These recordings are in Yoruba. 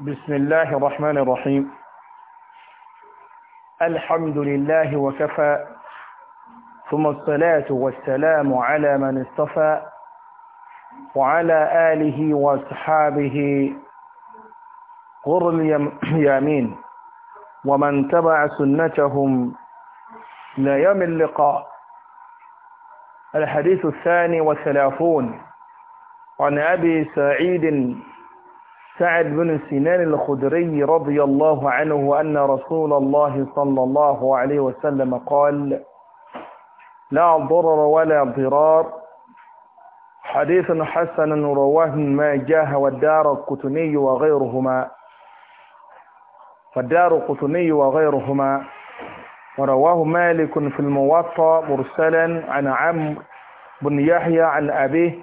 بسم الله الرحمن الرحيم الحمد لله وكفى ثم الصلاة والسلام على من اصطفى وعلى آله وأصحابه غر اليمين ومن تبع سنتهم لا يوم اللقاء الحديث الثاني والثلاثون عن أبي سعيد سعد بن سنان الخدري رضي الله عنه أن رسول الله صلى الله عليه وسلم قال لا ضرر ولا ضرار حديث حسن رواه ما جاه والدار القطني وغيرهما فالدار القطني وغيرهما ورواه مالك في الموطأ مرسلا عن عمرو بن يحيى عن أبيه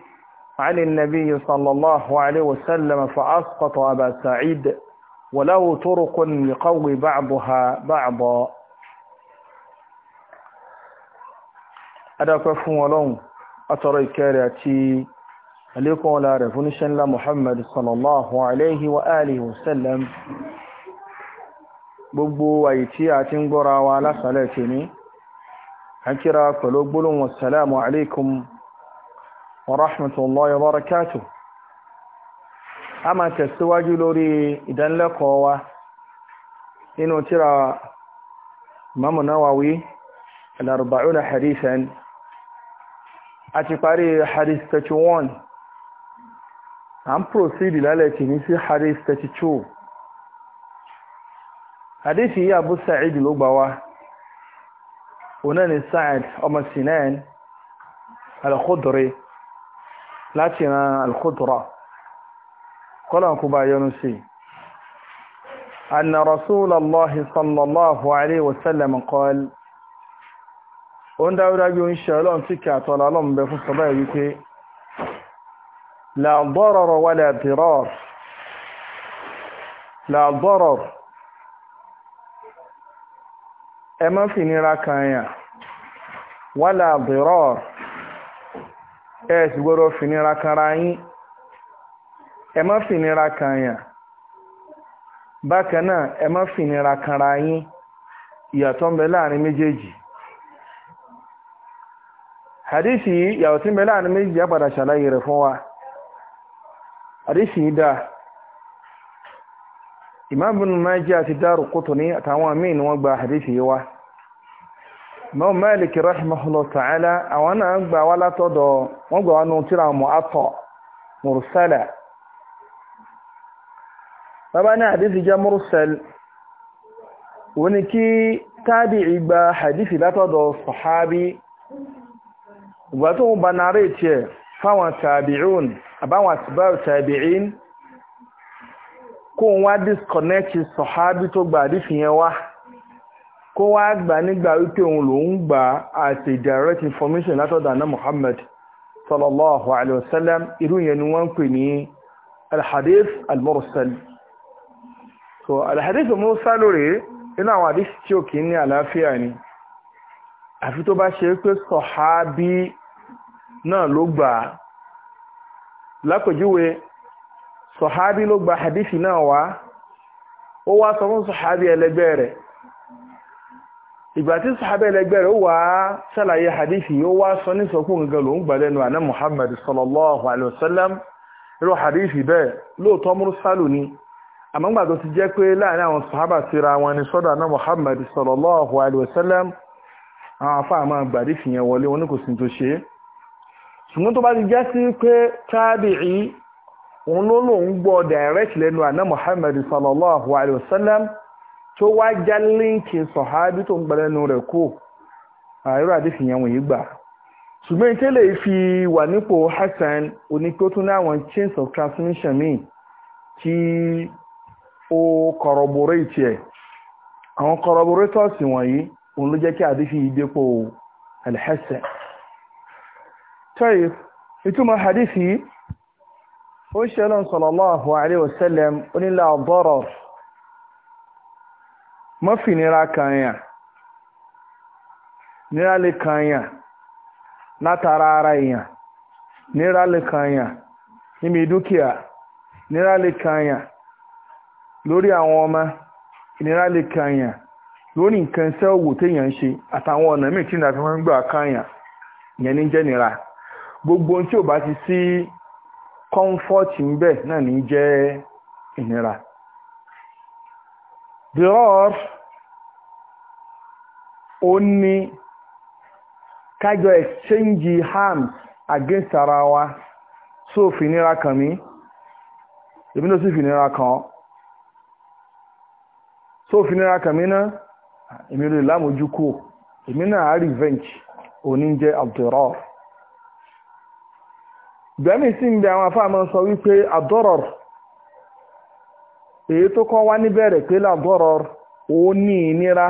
عن النبي صلى الله عليه وسلم فأسقط أبا سعيد ولو طرق يقوي بعضها بعضا أدعوك فهم ولهم أتري كارياتي عليكم ولا رفنشن محمد صلى الله عليه وآله وسلم gbogbo àyè tí a ti ń gbọ́ra wa lásàlẹ̀ tèmi a kíra pẹ̀lú gbólóhùn wassalamu alaikum warahmatullahi wabarakatuh a máa tẹ̀síwájú lórí ìdánilẹ́kọ̀ọ́ wa nínú tírà Imam Nawawi al-arba'una hadithan a ti parí hadith 31 à ń proceed lálẹ́ kìíní sí hadith 32 hadith yìí Abu Sa'id ló gbà wá òun Sa'id ọmọ Sinan al-Khudri láti ran alkhutura kọ́lọ̀n kú bá yọnu sí anna rasulallah sallallahu alaihi wasallam qal o ń dáwúdájú ń ṣe ọlọ́run tí kí àtọ́lá ọlọ́run bẹ fún sọba ìwí pé la darar wala ẹ sì gbọ́dọ̀ fìnira kanra yín ẹ má fìnira kan yàn bákan náà ẹ má fìnira kanra yín ìyàtọ̀ ń bẹ láàrin méjèèjì hadisi yìí ìyàtọ̀ tí ń bẹ láàrin méjèèjì á padà ṣàlàyé rẹ̀ fún wa hadisi yìí dáa Imam Ibn Majah àti Daraqutni àtàwọn míì ni wọ́n gba hadisi yìí wá. mọ́ Malik rahimahullah ta'ala àwọn náà gbà wá látọ̀dọ̀ wọ́n gbà wá nù tíra mọ́ atọ̀ mursala bàbá ní àdísì jẹ́ mursal wọ́n kí tábìí gba hadisi látọ̀dọ̀ sahabi ìgbà tó ń ba nàárẹ̀ tiẹ̀ fáwọn tàbíún àbáwọn àtibáwò tàbíín kó wọ́n wá disconnect sahabi tó gba àdísì yẹn wá kó wá gbà nígbà wípé òun ló ń gbà àti direct information látọ̀dà náà Muhammad sallallahu alaihi wasallam irú yẹn ni wọ́n ń pè ní alhadith almursal so alhadith almursal rèé nínú àwọn àdísì tí ó kì í ní àlàáfíà ni àfi tó bá ṣe pé sọ̀hábí náà ló gbà lápèjúwe sọ̀hábí ló gba àdísì náà wá ó wá sọ fún sọ̀hábí ẹlẹgbẹ́ rẹ̀ ìgbà tí sàhábà ẹlẹgbẹ́ rẹ̀ ó wá ṣàlàyé hadithi ó wá sọ ní sọkún gangan ló ń gbà lẹ́nu àná muhammad sallallahu alayhi wa sallam irú hadithi bẹ́ẹ̀ lóòótọ́ mursalu ni àmọ́ gbà tó ti jẹ́ pé láàrin àwọn sàhábà síra wọn ni sọ́dọ̀ àná muhammad sallallahu alayhi wa sallam àwọn afá àmọ́ gbàdí fìyẹn wọlé wọn ní kò sì tó ṣe ṣùgbọ́n tó bá ti jẹ́ sí pé tábìí òun ló lóun gbọ́ direct lẹ́nu àná muhammad sallallahu alayhi wa sallam tó wá já líǹkì sọ̀hábí tó ń gbẹ́lẹ́nu rẹ̀ kú àìrò àdéhùn yẹn wọ̀nyí gbà ṣùgbọ́n ìtẹ́lẹ̀ fi wà nípò Hasan oníkótún láwọn chains of transmission míì tí ó corroborate ẹ̀ àwọn corroborators wọ̀nyí òun ló jẹ́ kí àdéhùn yìí dépò al-Hasan. tọ́yì ìtumọ̀ hadith yìí ó ń ṣe lọ́n sallallahu alaihi wasallam onílà ọ̀dọ́rọ̀ mafi nira kan nira le kan yàn látara ara èèyàn nira le kan yàn níbi nira le kan yàn lórí àwọn ọmọ le lè kan yàn lórí nǹkan iṣẹ́ òwò téèyàn ń ṣe àtàwọn ọ̀nà míì tí ìdàtí wọn ń kan yàn ní jẹ́ nira gbogbo ohun tí ò bá ti sí kọ́ńfọ́ọ̀tì ń ó ní kájọ exchange hands against ara wa so fìnira kàn mí èmi náà sì fìnira kàn so fìnira kàn mí náà èmi lè lámojú kò èmi náà á revenge òní jẹ́ abdurrahman gbẹ̀mí sí ń bẹ àwọn afáàmọ́ sọ wípé àdọ́rọ̀ èyí tó kọ́ wá níbẹ̀rẹ̀ pé làdọ́rọ̀ ó ní ìnira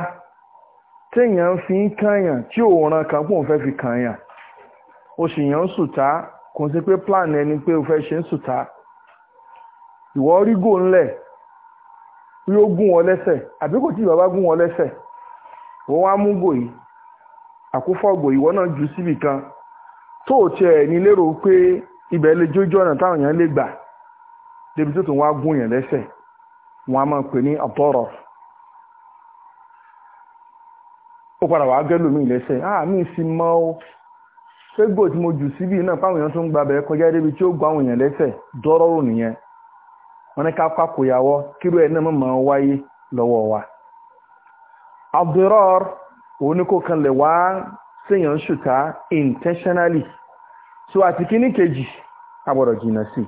téèyàn fi ń kàyàn tí ò ran kan pò ń fẹ́ fi kanya o sì yàn ń sùtá kò sí pé plan ẹni pé o fẹ́ ṣe ń sùtá ìwọ rí gò ńlẹ̀ rí ó gún wọn lẹ́sẹ̀ àbí kò tí bàbá gún wọn lẹ́sẹ̀ wọ́n wá mú náà jù kan tó o tiẹ̀ ní lérò pé ibẹ̀ lè jójú ọ̀nà táwọn èèyàn lè gbà débi tó tún wá gún yẹn lẹ́sẹ̀ ó padà wàá gẹ́ lómi ìlẹ́sẹ̀ ah mi sì mọ́ ó fẹ́gbò tí mo jù síbí náà fáwọn èèyàn tó ń gbàbẹ̀ kọjá débi tí ó gbọ́ àwọn èèyàn lẹ́sẹ̀ dọ́rọ́rò nìyẹn wọn ní ká pàkóyàwó kíró ẹ̀ náà mọ̀ wáyé lọ́wọ́ wa. abdurrahman òun ni kò kanlẹ̀ wá séèyàn ṣùtá intentionally so àti kíní kejì àbọ̀dọ̀ jìnnà sí i.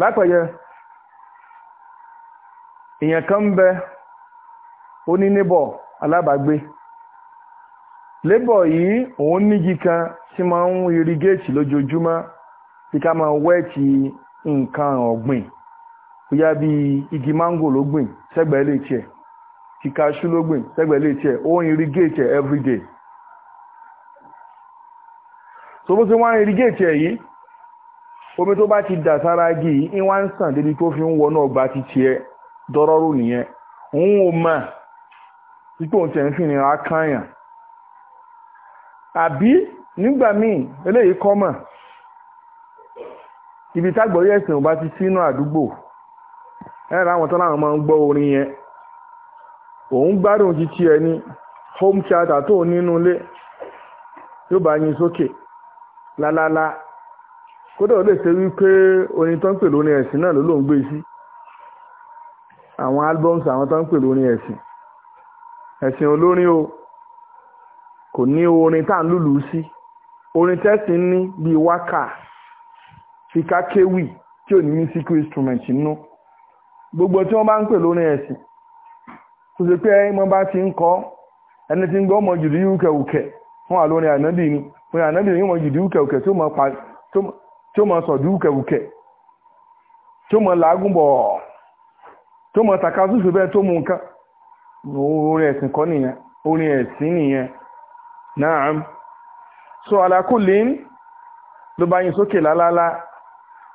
lápẹ̀yẹ èèyàn kan bẹ́ẹ̀ onínébọ̀ alábàágbé lébọ̀ yìí òun nígi kan tí máa ń irigéètì lójoojúmọ́ tí ká máa wẹ́ẹ̀tì nǹkan ọ̀gbìn bóyá bí igi máńgò ló gbìn sẹ́gbẹ̀ẹ́ lè tiẹ̀ ti kaṣú ló gbìn sẹ́gbẹ̀ẹ́ lè tiẹ̀ ó ń irigéètì everyday so bó ṣe wá ń irigéètì ẹ̀ yìí omi tó bá ti dà sára igi yìí ń wá ń sàn débi tó fi ń wọnú ọgbà ti tiẹ̀ dọ́rọ́rù nìyẹn òun ò mọ̀ ipò oúnjẹ ń fi nira káyàn àbí nígbà míì eléyìí kọ́mọ̀ ibi tágbọ̀rí ẹ̀sìn ò bá ti sínú àdúgbò ẹ̀rọ àwọn tán láwọn máa ń gbọ́ orin yẹn òun gbádùn títí ẹ ní home theater tó nínú ilé yóò bá yín sókè lálálá kódà ó lè ṣe wípé orin tó ń pè ẹ̀sìn náà ló ló ń gbé sí àwọn albums àwọn tó ń pè ẹ̀sìn ẹ̀sìn olórin o kò ní orin tá à ń lùlù sí orin tẹ́sí ní bíi wákà fika kéwì tí ò ní musical instrument nínú gbogbo tí wọ́n bá ń pè lórin ẹ̀sìn tó ṣe pé wọ́n bá ti ń kọ́ ẹni tí ń gbọ́ ọmọ jùdí wùkẹ̀wùkẹ̀ fún àlórin ànábì ni fún ni wọ́n jùdí wùkẹ̀wùkẹ̀ tí ó mọ tí ó mọ làágùn bọ̀ tí ó mọ bẹ́ẹ̀ orin ẹ̀sìn kọ́ nìyẹn orin ẹ̀sìn náà so alákùnlé ló bá lalala sókè lálálá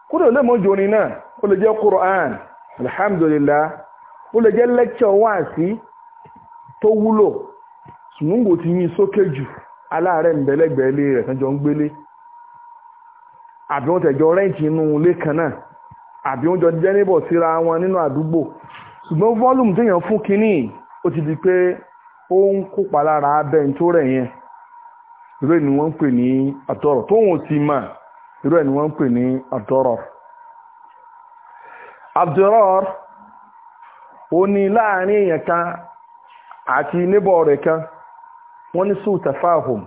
kúrò lè mọ́jú orin náà ó lè jẹ́ Qur'an alhamdulillah ó lè jẹ́ lecture sí tó wúlò ṣùgbọ́n ti yín sókè jù aláàárẹ̀ ńbẹ̀lẹ́gbẹ̀ẹ́lé rẹ̀ tán jọ ń gbélé àbí wọ́n rẹ́ǹtì inú ilé kan náà àbí wọ́n jọ ó ti di pé ó ń kópa lára abẹ́ ní tó rẹ̀ yẹn irú ẹ̀ ni wọ́n ń pè ní àtọ́rọ̀ tóun ò ti mà irú ẹ̀ ni wọ́n ń pè ní àtọ́rọ̀ abdurrahman ó ní láàrin èèyàn kan àti níbọ̀ rẹ̀ kan wọ́n ní sùn tafahum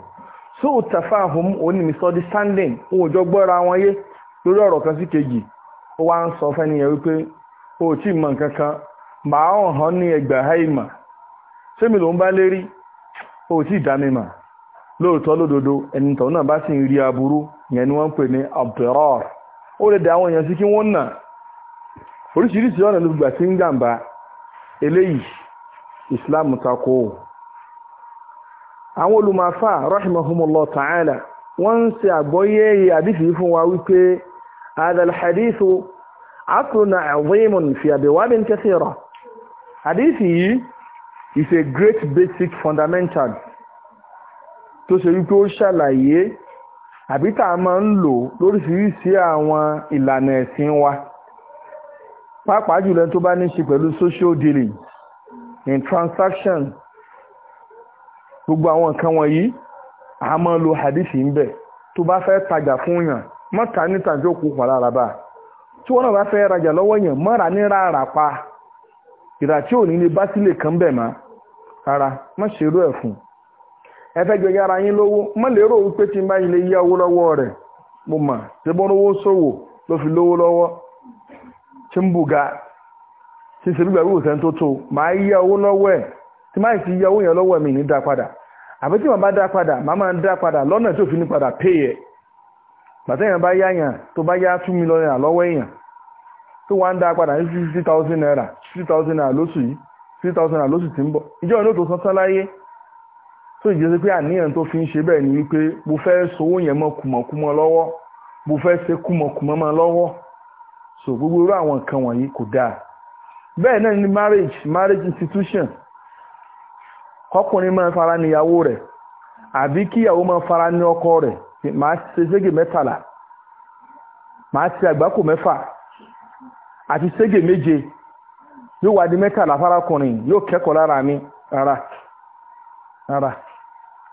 sùn tafahum ó ní misunderstanding òun ò jọ gbọ́ra wọn yé lórí ọ̀rọ̀ kan sí kejì ó wá ń sọ fẹ́niyàn wípé o ò tí ì mọ̀ nǹkan màá hàn ní ìmọ̀ sẹ́mi ló ń bá lérí ó tí ìdámímà lóòótọ́ lódodo ẹni tọ̀ náà bá sì ń rí aburú yẹn ni wọ́n ń pè ní abdurar ó lè dá àwọn èèyàn sí kí wọ́n nà oríṣiríṣi ọ̀nà ló gbà sí ń jàǹbá eléyìí islam takò àwọn olùmọ̀fà rahimahumullah ta'ala wọ́n ń ṣe àgbọ́yé àdìsí fún wa wípé adal hadithu fi àdìsí is a great basic fundamental tó ṣe wípé ó ṣàlàyé àbí tá a máa ń lò lóríṣiríṣi àwọn ìlànà ẹ̀sìn wa pàápàá jùlọ tó bá ní ṣe pẹ̀lú social dealing in transaction gbogbo àwọn nǹkan wọ̀nyí a máa lo hadithi ń bẹ̀ tó bá fẹ́ tajà fún yàn mọ́ta níta tó kó pọ̀ lára bá tí wọ́n náà bá fẹ́ rajà lọ́wọ́ yàn mọ́ra ní rárá pa ìrà tí ò ní lè bá sílẹ̀ kan bẹ̀ máa rárá má ṣerú ẹ̀ fún ẹ fẹ́ gbẹ̀gẹ́ ara yín lówó má lérò wípé tí n bá yín lè yá owó lọ́wọ́ rẹ̀ mo mà ṣe bọ́n owó ṣòwò ló fi lówó lọ́wọ́ ṣe ń bùgà ṣe ṣe gbígbà wíwò sẹ́ni tó owó lọ́wọ́ ẹ̀ tí má sì yá owó yẹn lọ́wọ́ mi ní dá padà àbí tí màá bá dá padà màá máa dá padà lọ́nà tí ní padà yẹ gbàtẹ́yìn bá yá yàn tó bá yá naira lọ́wọ́ naira three thousand naira lóṣù tí ń bọ̀ ìjọ ìlú tó san sáláyé tó ìjọsìn pé àníyàn tó fi ń ṣe bẹ́ẹ̀ ni wípé mo fẹ́ sowó yẹn mọ́ kùmọ̀kùmọ̀ lọ́wọ́ mo fẹ́ ṣe kùmọ̀kùmọ̀ mọ́ lọ́wọ́ so gbogbo irú àwọn nǹkan wọ̀nyí kò dáa bẹ́ẹ̀ náà ni marriage marriage institution kọkùnrin máa fara ní ìyàwó rẹ̀ àbí kíyàwó máa fara ní ọkọ rẹ̀ màá ṣe ségè mẹ́tàlá màá ṣe àgbákò mẹ́fà àti ségè méje yóò wá di mẹ́tàlá fárakùnrin yóò kẹ́kọ̀ọ́ lára mi rárá rárá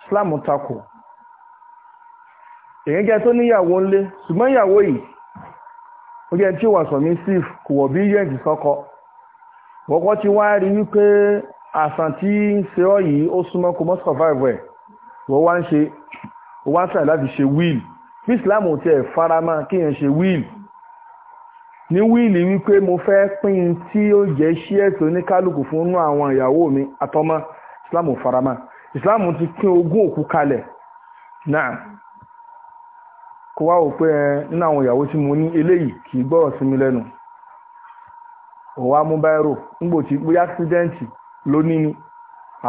Islam takò èyàn jẹ́ tó níyàwó ńlé ṣùgbọ́n ìyàwó yìí ó jẹ́ tí ó wà submissive kò wọ̀ bí yẹ̀ǹtì sọ́kọ wọ́kọ́ ti wá rí wípé àsàn tí ń ṣe ọ́ yìí ó súnmọ́ kó mọ́ survive ẹ̀ wọ́n wá ń ṣe wọ́n wá ń sàì láti ṣe will bí Islam ò tiẹ̀ fara mọ́ kí yẹn ṣe will ní wíìlì wípé mo fẹ́ pín tí ó jẹ́ ṣíẹ́sì oníkálukú fún àwọn ìyàwó mi àtọmọ islam ò farama islam ti pín ogún òkú kalẹ̀ náà kó wá wò pé ẹ nínú àwọn ìyàwó tí mo ní eléyìí kì í gbọ́rọ̀ sí mi lẹ́nu ò wá mú báírò nígbò tí pé ásídẹ́ǹtì ló ní ni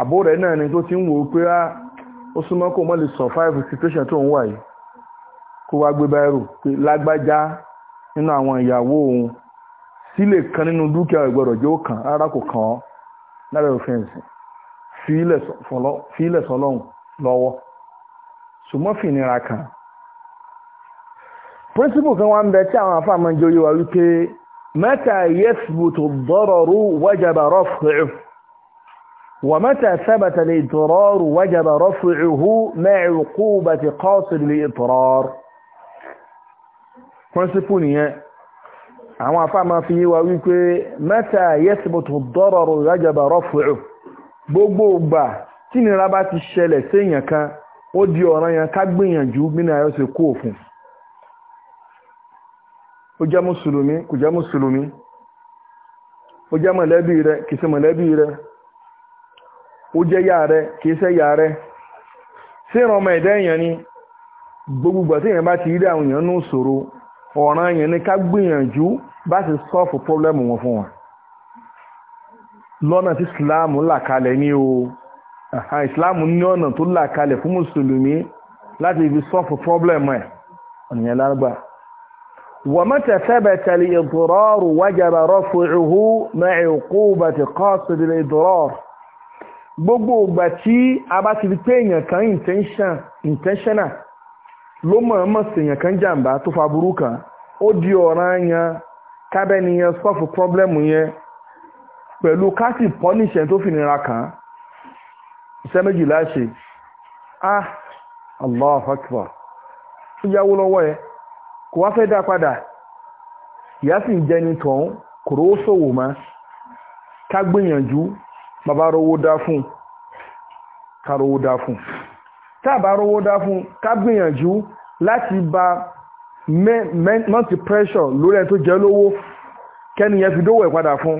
àbó rẹ̀ náà ni tó ti ń wò ó pé ó súnmọ́ kó mọ́ lè survive situation tó ń wà yìí kó wá gbé báírò pé lágbájá nínú àwọn ìyàwó òun sílè kan nínú dúkìá ìgbọ́dọ̀ jẹ́ ó kàn rárá kò kàn ọ́ lábẹ́ òfin ẹ̀sìn fílẹ̀ sọlọ́hùn lọ́wọ́ ṣùgbọ́n fìnira kan principle kan wá ń bẹ tí àwọn afá máa ń jẹ́ oyéwa wípé mẹ́ta yẹ́sùbùtù dọ́rọ̀rù wájàbà rọ́fùrù wà mẹ́ta sábàtà lè dọ́rọ̀rù wájàbà rọ́fùrù hù mẹ́ẹ̀rù kú bàtì kọ́ọ̀sì lè dọ́rọ̀rù pọ́nsípù nìyẹn àwọn afáàmà fi yíwa wípé mẹ́ta yẹ́sìbùtù dọ́rọ̀rù rájàbà rọ́fùrù gbogbo ìgbà tí nira bá ti ṣẹlẹ̀ séèyàn kan ó di ọ̀ràn yẹn ká gbìyànjú nínú ayọ́ ṣe kú òfin ó jẹ́ mùsùlùmí kò jẹ́ mùsùlùmí ó jẹ́ mọ̀lẹ́bí rẹ kì í ṣe mọ̀lẹ́bí rẹ ó jẹ́ rẹ kì í ṣe gbogbo ìgbà tí èèyàn ti rí àwọn èèyàn ọ̀ràn yẹn ni ká gbìyànjú bá ti sọ́ọ̀fù pọ́blẹ́mù wọn fún wọn lọ́nà tí ìsìláàmù là kalẹ̀ ní o ìsìláàmù ní ọ̀nà tó là kalẹ̀ fún mùsùlùmí láti ibi sọ́ọ̀fù pọ́blẹ́mù ẹ̀ ọ̀nìyàn lágbà وما ثبت الإضرار وجب رفعه مع عقوبة قاصد الإضرار gbogbo ìgbà tí a bá ti rí pé èèyàn kan intentional lọmọ ọmọ sinyankan jamba tó faburu ka o di ọrụ anya ƙarbeniyan ọsọfụ problemu iye pẹlụ ka si pọnishen to fi nira ka isemeghi laashi ah allah fatiba sun jawo lọwa e kuwa fai da kwada ya fi je nitaun koro so wo ma ta gbiyanju ma ba rohoto fun ka rohoto táàbà rówó dá fún ká gbìyànjú láti ba mọ́tì pressure lórí ẹni tó jẹ́ lówó kẹ́ni yẹn fi dówó ẹ̀ padà fún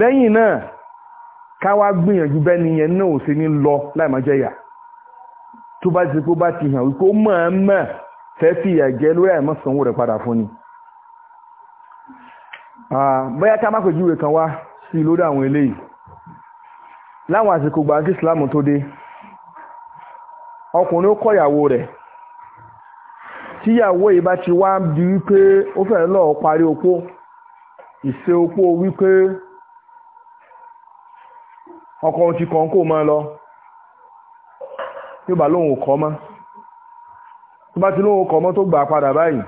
lẹ́yìn náà ká wá gbìyànjú bẹ́ni yẹn náà ò sí ní lọ láì má jẹ̀yà tó bá ti kó bá ti hàn wípé ó mọ̀ ọ́n mọ̀ fẹ́ fi ìyà jẹ lórí àìmọ́ rẹ̀ padà fún ni bóyá ká má pèjúwe kan wá sí lórí àwọn eléyìí láwọn àsìkò gbà kí tó dé ọkùnrin ó kọ ìyàwó rẹ̀ tíyàwó yìí bá ti wá di wípé ó fẹ́ lọ́ọ́ parí opó ìṣe opó wípé ọkọ ti kàn kó máa lọ yóò bá lóun ò kọ́ mọ́ tó bá ti lóun ò kọ́ mọ́ tó gbà padà báyìí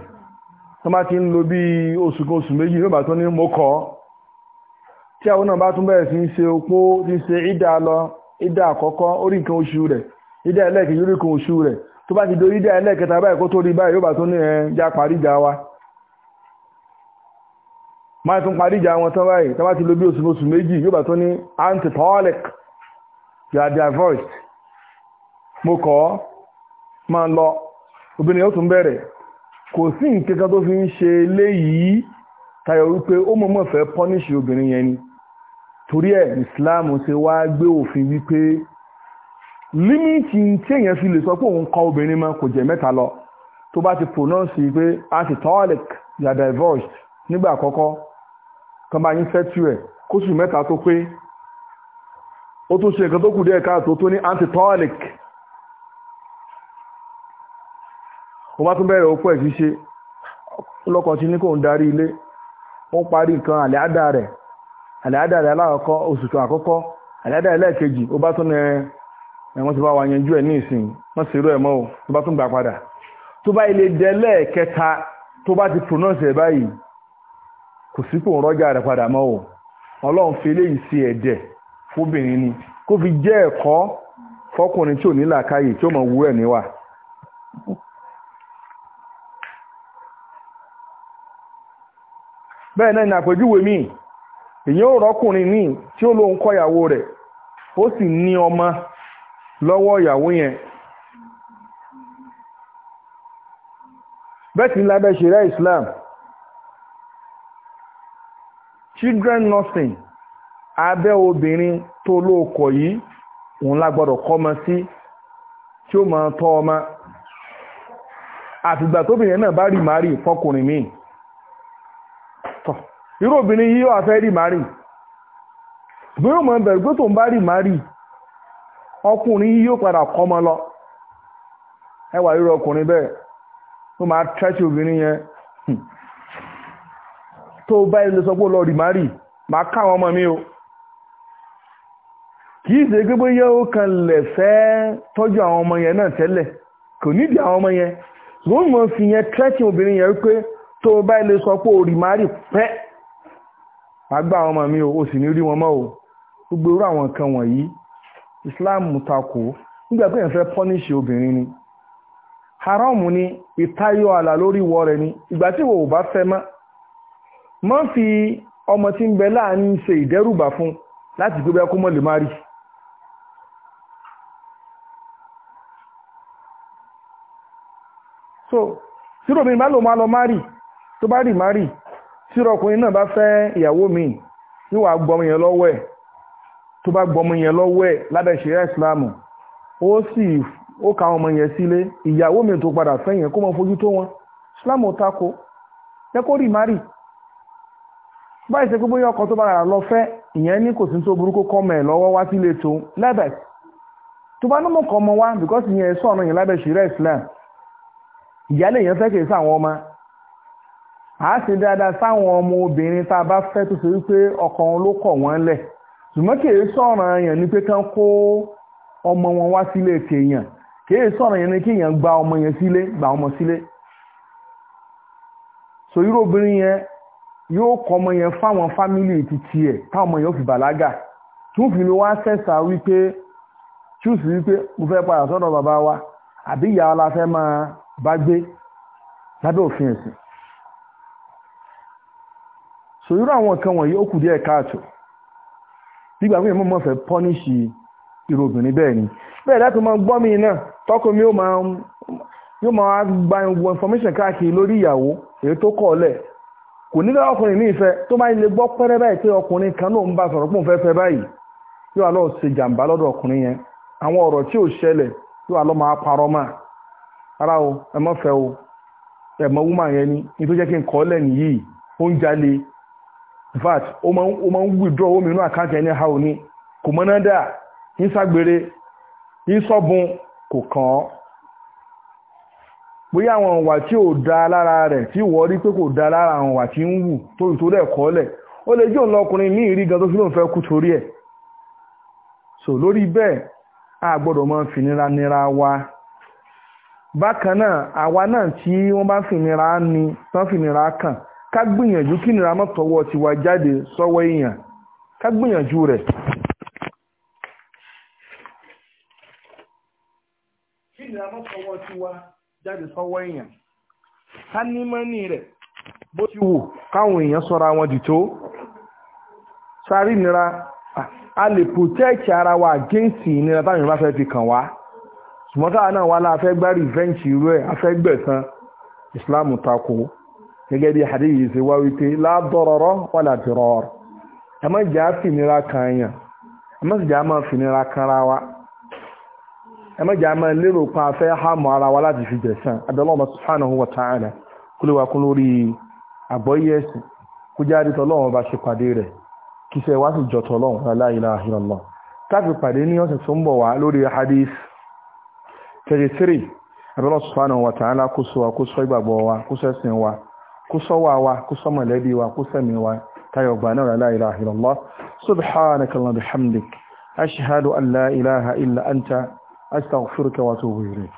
tó bá ti ń lo bí oṣù kan oṣù méjì yóò bá tó ní mo kọ́ tíyàwó náà bá tún bẹ̀rẹ̀ sí í ṣe opó ti ṣe ìdá lọ ìdá àkọ́kọ́ orí nǹkan oṣù rẹ̀ ìdá ẹlẹ́ẹ̀kì yóò rí kun oṣù rẹ̀ tó bá ti dorí ìdá ẹlẹ́ẹ̀kẹta báyìí kó tó rí báyìí yóò bá tún ní ẹ já parí ìjà wa máa tún parí ìjà wọn tán báyìí tán bá ti lo bí oṣù oṣù méjì yóò bá tún ní antitolic you are divorced mo kọ́ máa lọ obìnrin yóò tún bẹ̀rẹ̀ kò sí nǹkan kan tó fi ń ṣe léyìí tayọ wípé ó mọ̀ọ́mọ̀ fẹ́ pọ́níṣì obìnrin yẹn ni torí ẹ̀ Islam ṣe wá gbé òfin wípé límìtì tí èèyàn fi lè sọ pé òun kọ obìnrin mọ́ kò jẹ́ mẹ́ta lọ tó bá ti pronounce pé asitolic you are divorced nígbà àkọ́kọ́ kan bá yín fẹ́tù ẹ̀ kóṣù mẹ́ta tó pé ó tún ṣe nǹkan tó kù díẹ̀ káàtó tó ní antitolic ó bá tún bẹ̀rẹ̀ opó ẹ̀ ṣíṣe lọ́kàn tí ní kò ń darí ilé ó parí nǹkan àlẹ́ádà rẹ̀ àlẹ́ádà rẹ̀ alákọ̀ọ́kọ́ oṣù tó àkọ́kọ́ àlẹ́ádà rẹ̀ lẹ́ẹ̀kejì ó bá tún ẹ̀ wọ́n ti bá wa yanjú ẹ̀ ní ìsìn wọ́n sì rú ẹ̀ mọ́ o tó bá tún gbà padà tó bá ilé dẹ́lẹ̀ kẹta tó bá ti pronounce ẹ̀ báyìí kò sí kò ń rọ́jà rẹ̀ padà mọ́ o ọlọ́run fi eléyìí sí ẹ̀dẹ̀ fóbìnrin ni kó fi jẹ́ ẹ̀kọ́ fọkùnrin tí ò ní làákàyè tí ó mọ̀ wú ẹ̀ níwà. bẹ́ẹ̀ náà ní àpèjúwe míì èyí ò rọ́kùnrin míì tí ó lóun kọ́ ìyàwó rẹ̀ ó sì ní ọmọ lọ́wọ́ ìyàwó yẹn bẹ́ẹ̀ sì lábẹ́ ṣẹ̀rẹ́ Islam children nursing abẹ́ obìnrin tó lóòkọ̀ yìí òun lágbọ́dọ̀ kọ́mọ sí tí ó máa tọ́ ọmọ àtìgbà tóbìnrin náà bá rí màárì fọkùnrin míì tọ̀ irú obìnrin yìí yóò afẹ́ rí màárì bí yóò máa bẹ̀rù pé tó ń bá rí màárì ọkùnrin yìí yóò padà kọ́mọ lọ ẹ wà rírọ ọkùnrin bẹ́ẹ̀ tó máa tẹ́sí obìnrin yẹn hmm. tó bá ilé sọ pé lọ rì má rì má káwọn ọmọ mi o kì í ṣe pé bóyá ó kan lẹ̀ fẹ́ tọ́jú àwọn ọmọ yẹn náà tẹ́lẹ̀ kò nídìí àwọn ọmọ yẹn lóun mọ̀ fi yẹn tẹ́sí obìnrin yẹn pé tó bá ilé sọ pé rì má rì pẹ́ má gbá àwọn ọmọ mi o o sì ní rí wọn mọ́ o gbogbo irú àwọn nǹkan wọ̀nyí Islam takò nígbà pé èèyàn fẹ́ pọ́níṣì obìnrin ni haramu ni ìtayọ àlà lórí ìwọ rẹ̀ ni ìgbà tí wò bá fẹ́ mọ́ mọ́ fi ọmọ tí ń bẹ láàrin ṣe ìdẹ́rùbà fún láti gbé bẹ́ẹ̀ kó mọ̀ lè má rí. so sírò mi bá lò máa lọ má rí tó bá rí má rí sírò ọkùnrin náà bá fẹ́ ìyàwó mi níwà gbọmọ yẹn lọ́wọ́ ẹ̀ tó bá gbọmọ yẹn lọ́wọ́ ẹ̀ lábẹ́ ṣẹ̀ríà ìsìláàmù ó sì ó ka ọmọ yẹn sílé ìyàwó mi tó padà fẹ́ yẹn kó mọ fojú tó wọn ìsìláàmù tako yẹ kó rì márì báyìí ṣe pé bóyá ọkọ tó bá rà lọ fẹ́ ìyẹn ní kò sí tó burúkú kọ́mọ ẹ̀ lọ́wọ́ wá sílé tó lẹ́bẹ̀ tó bá nímọ̀ kọ́ ọmọ wa because ìyẹn sọ ọ̀nà yẹn lábẹ́ ṣẹ̀ríà ìsìláàmù ìyálé yẹn fẹ́ kìí sáwọn ọmọ àá ṣe dáadáa sáwọn ọmọ obìnrin tá a bá fẹ́ tó ṣe wípé ọkọ wọn ló kọ̀ wọ́n lẹ̀ ṣùgbọ́n kì í sọ̀rọ̀ yẹn ni pé kán kó ọmọ wọn wá sílé kéèyàn kì í sọ̀rọ̀ yẹn ni kéèyàn gba ọmọ yẹn sílé gba ọmọ sílé so obìnrin yẹn yóò kọ ọmọ yẹn fáwọn fámìlì ti tiẹ̀ táwọn ọmọ yẹn fi bàlágà tún fi ni wá sẹ̀sà wípé wípé mo fẹ́ wa àbí ìyá fẹ́ máa bá gbé lábẹ́ òfin ẹ̀sìn àwọn nǹkan wọ̀nyí ó kù nígbà pé mo mọ̀ fẹ́ pọ́níṣì irú obìnrin bẹ́ẹ̀ ni bẹ́ẹ̀ láti mọ gbọ́ mi náà tọ́kọ mi yóò máa gba ìwọ information káàkiri lórí ìyàwó èyí tó kọ̀ lẹ̀ kò nígbà ọkùnrin ní ìfẹ́ tó máa lè gbọ́ pẹ́rẹ́ báyìí kan náà ń bá sọ̀rọ̀ fẹ́ fẹ́ yẹn àwọn ọ̀rọ̀ tí ò ṣẹlẹ̀ yóò máa parọ́ ara o ẹ fẹ́ o ẹ wúmà yẹn ni ní jẹ́ kí n kọ́ lẹ́yìn yìí vat ó máa ń withdraw omi inú àkáǹtì ẹni ha ò ní kò mọ́ná dà ń ságbére ń sọ́bun kò kàn án bóyá àwọn ìwà tí ò da lára rẹ̀ tí ìwọ rí pé kò da lára àwọn ìwà tí ń wù tó ìtòrí ẹ̀kọ́ lẹ̀ ó lè jẹ́ òun ọkùnrin ní ìrí gan tó fi lóun fẹ́ kú torí ẹ̀ so lórí bẹ́ẹ̀ a gbọ́dọ̀ máa fi nira nira wa bákan náà àwa náà tí wọ́n bá fi nira ni tán fi nira kàn ká gbìyànjú kí nira má tọwọ́ tiwa jáde sọ́wọ́ èèyàn ká gbìyànjú rẹ̀. kí nira má tọwọ́ tiwa jáde sọ́wọ́ èèyàn ká ní mọ́ni rẹ̀ bó ti wù káwọn èèyàn sọ́ra wọn dì tó sáré nira a lè protect ara wa against ìnira táwọn bá fẹ́ fi kàn wá ṣùgbọ́n táwọn náà wà láà fẹ́ gbá revenge irú Islam tako gẹ́gẹ́ bí hadith yìí ṣe wá wípé ládọ́rọ̀rọ́ wà láti rọrọ̀ ẹ má jà fìnira kan yàn ẹ má sì jà máa fìnira kan ra wa ẹ má jà máa lérò pa afẹ́ hàmọ́ ara wa láti fi jẹ̀sán abẹ́lọ́mọ subhanahu wa ta'ala kó lè wá kún lórí àgbọ́yé ẹ̀sìn kó jáde tọ́lọ́wọ́n bá ṣe pàdé rẹ̀ kí ṣe wá sì jọ tọ́lọ́wọ́n la ilaha illallah pàdé ní ọ̀sẹ̀ tó ń bọ̀ wá lórí hadith 33 abẹ́lọ́ subhanahu wa ta'ala kó kó sọ ìgbàgbọ́ wa kó sẹ́sìn wa kó sọ́wọ́ wa kó sọ́ mọ̀lẹ́bí wa kó sẹ́mi wa táyọ̀ gbà náà la ilaha illallah subhanaka wa bihamdik ashhadu an la ilaha illa anta astaghfiruka wa atubu ilayk